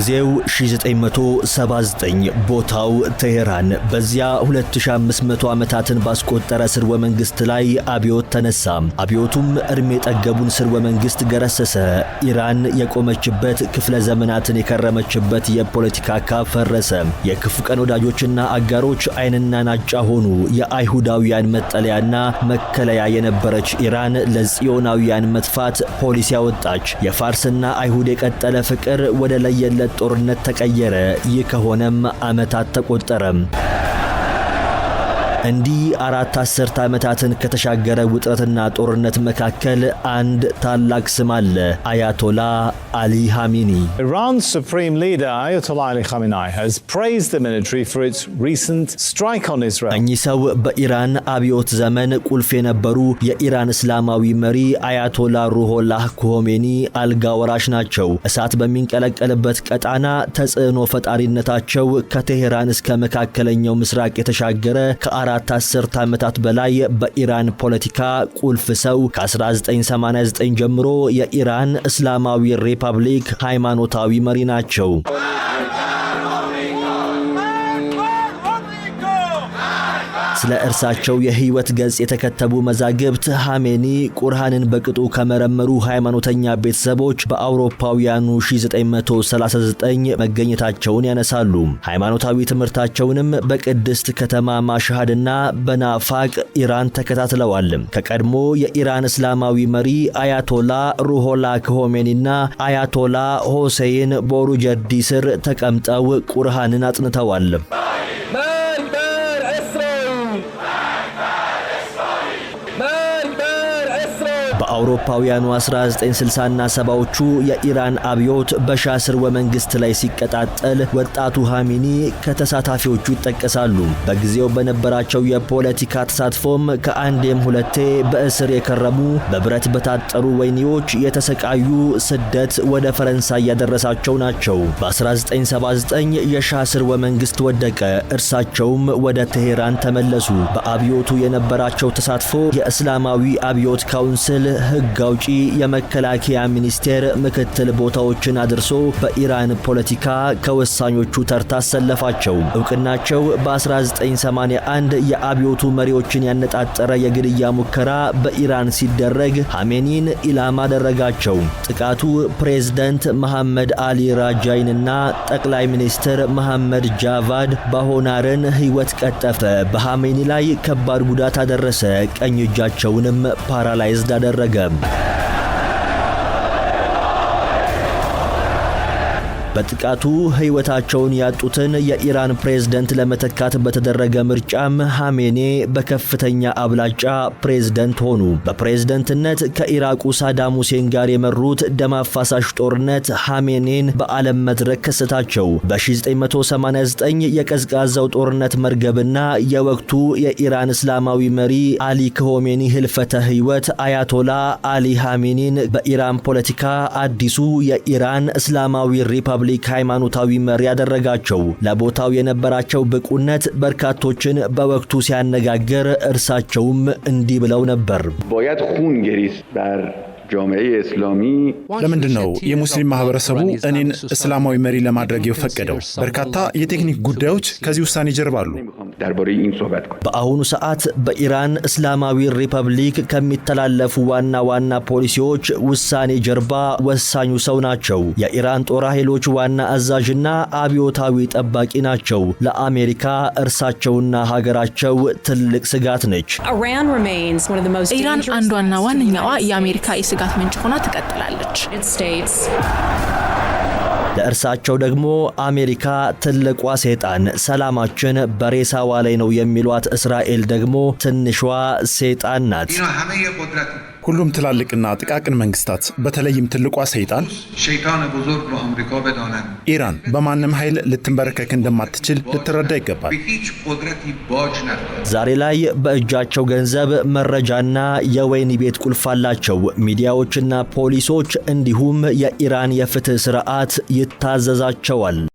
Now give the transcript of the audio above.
ጊዜው 1979 ቦታው ቴሄራን። በዚያ 2500 ዓመታትን ባስቆጠረ ስርወ መንግስት ላይ አብዮት ተነሳ። አብዮቱም እድሜ ጠገቡን ስርወ መንግስት ገረሰሰ። ኢራን የቆመችበት ክፍለ ዘመናትን የከረመችበት የፖለቲካ ካፍ ፈረሰ። የክፉ ቀን ወዳጆችና አጋሮች አይንና ናጫ ሆኑ። የአይሁዳውያን መጠለያና መከለያ የነበረች ኢራን ለጽዮናውያን መጥፋት ፖሊሲ አወጣች። የፋርስና አይሁድ የቀጠለ ፍቅር ወደ ለየለት ጦርነት ተቀየረ። ይህ ከሆነም ዓመታት ተቆጠረ። እንዲህ አራት አስርት ዓመታትን ከተሻገረ ውጥረትና ጦርነት መካከል አንድ ታላቅ ስም አለ፣ አያቶላ አሊ ኻሜኒ። Iran's supreme leader Ayatollah Ali Khamenei has praised እኚህ ሰው በኢራን አብዮት ዘመን ቁልፍ የነበሩ የኢራን እስላማዊ መሪ አያቶላ ሩሆላህ ኮሆሜኒ አልጋ ወራሽ ናቸው። እሳት በሚንቀለቀልበት ቀጣና ተጽዕኖ ፈጣሪነታቸው ከቴሄራን እስከ መካከለኛው ምስራቅ የተሻገረ ከአራ ከአራት አስርት ዓመታት በላይ በኢራን ፖለቲካ ቁልፍ ሰው ከ1989 ጀምሮ የኢራን እስላማዊ ሪፐብሊክ ሃይማኖታዊ መሪ ናቸው። ስለ እርሳቸው የህይወት ገጽ የተከተቡ መዛግብት ሃሜኒ ቁርሃንን በቅጡ ከመረመሩ ሃይማኖተኛ ቤተሰቦች በአውሮፓውያኑ 1939 መገኘታቸውን ያነሳሉ። ሃይማኖታዊ ትምህርታቸውንም በቅድስት ከተማ ማሽሃድና በናፋቅ ኢራን ተከታትለዋል። ከቀድሞ የኢራን እስላማዊ መሪ አያቶላ ሩሆላ ከሆሜኒና አያቶላ ሆሴይን ቦሩጀርዲ ስር ተቀምጠው ቁርሃንን አጥንተዋል። በአውሮፓውያኑ 1960ና ሰባዎቹ የኢራን አብዮት በሻስር ስርወ መንግስት ላይ ሲቀጣጠል ወጣቱ ሃሚኒ ከተሳታፊዎቹ ይጠቀሳሉ። በጊዜው በነበራቸው የፖለቲካ ተሳትፎም ከአንዴም ሁለቴ በእስር የከረሙ በብረት በታጠሩ ወይኒዎች የተሰቃዩ ስደት ወደ ፈረንሳይ ያደረሳቸው ናቸው። በ1979 የሻስር ስርወ መንግስት ወደቀ። እርሳቸውም ወደ ቴሄራን ተመለሱ። በአብዮቱ የነበራቸው ተሳትፎ የእስላማዊ አብዮት ካውንስል ህግ አውጪ የመከላከያ ሚኒስቴር ምክትል ቦታዎችን አድርሶ በኢራን ፖለቲካ ከወሳኞቹ ተርታ አሰለፋቸው። እውቅናቸው በ1981 የአብዮቱ መሪዎችን ያነጣጠረ የግድያ ሙከራ በኢራን ሲደረግ ሐሜኒን ኢላማ አደረጋቸው። ጥቃቱ ፕሬዝደንት መሐመድ አሊ ራጃይንና ጠቅላይ ሚኒስትር መሐመድ ጃቫድ ባሆናርን ህይወት ቀጠፈ። በሐሜኒ ላይ ከባድ ጉዳት አደረሰ። ቀኝ እጃቸውንም ፓራላይዝድ አደረገ። Gun. በጥቃቱ ሕይወታቸውን ያጡትን የኢራን ፕሬዝደንት ለመተካት በተደረገ ምርጫም ሐሜኔ በከፍተኛ አብላጫ ፕሬዝደንት ሆኑ። በፕሬዝደንትነት ከኢራቁ ሳዳም ሁሴን ጋር የመሩት ደም አፋሳሽ ጦርነት ሐሜኔን በዓለም መድረክ ከሰታቸው። በ1989 የቀዝቃዛው ጦርነት መርገብና የወቅቱ የኢራን እስላማዊ መሪ አሊ ከሆሜኒ ህልፈተ ሕይወት አያቶላ አሊ ሐሜኒን በኢራን ፖለቲካ አዲሱ የኢራን እስላማዊ ሪፐብሊክ ካቶሊክ ሃይማኖታዊ መሪ ያደረጋቸው። ለቦታው የነበራቸው ብቁነት በርካቶችን በወቅቱ ሲያነጋግር፣ እርሳቸውም እንዲህ ብለው ነበር። ቦያት ሁን ገሪስ በር ለምንድን ነው የሙስሊም ማህበረሰቡ እኔን እስላማዊ መሪ ለማድረግ የፈቀደው? በርካታ የቴክኒክ ጉዳዮች ከዚህ ውሳኔ ጀርባ አሉ። درباره این صحبت کنیم በአሁኑ ሰዓት በኢራን እስላማዊ ሪፐብሊክ ከሚተላለፉ ዋና ዋና ፖሊሲዎች ውሳኔ ጀርባ ወሳኙ ሰው ናቸው። የኢራን ጦር ኃይሎች ዋና አዛዥና አብዮታዊ ጠባቂ ናቸው። ለአሜሪካ እርሳቸውና ሀገራቸው ትልቅ ስጋት ነች። ኢራን አንዷና ዋነኛዋ የአሜሪካ የስጋት ምንጭ ሆና ትቀጥላለች። ለእርሳቸው ደግሞ አሜሪካ ትልቋ ሴጣን፣ ሰላማችን በሬሳዋ ላይ ነው የሚሏት እስራኤል ደግሞ ትንሿ ሴጣን ናት። ሁሉም ትላልቅና ጥቃቅን መንግስታት በተለይም ትልቋ ሰይጣን ኢራን በማንም ኃይል ልትንበረከክ እንደማትችል ልትረዳ ይገባል። ዛሬ ላይ በእጃቸው ገንዘብ፣ መረጃና የወይን ቤት ቁልፍ አላቸው። ሚዲያዎችና ፖሊሶች እንዲሁም የኢራን የፍትህ ስርዓት ይታዘዛቸዋል።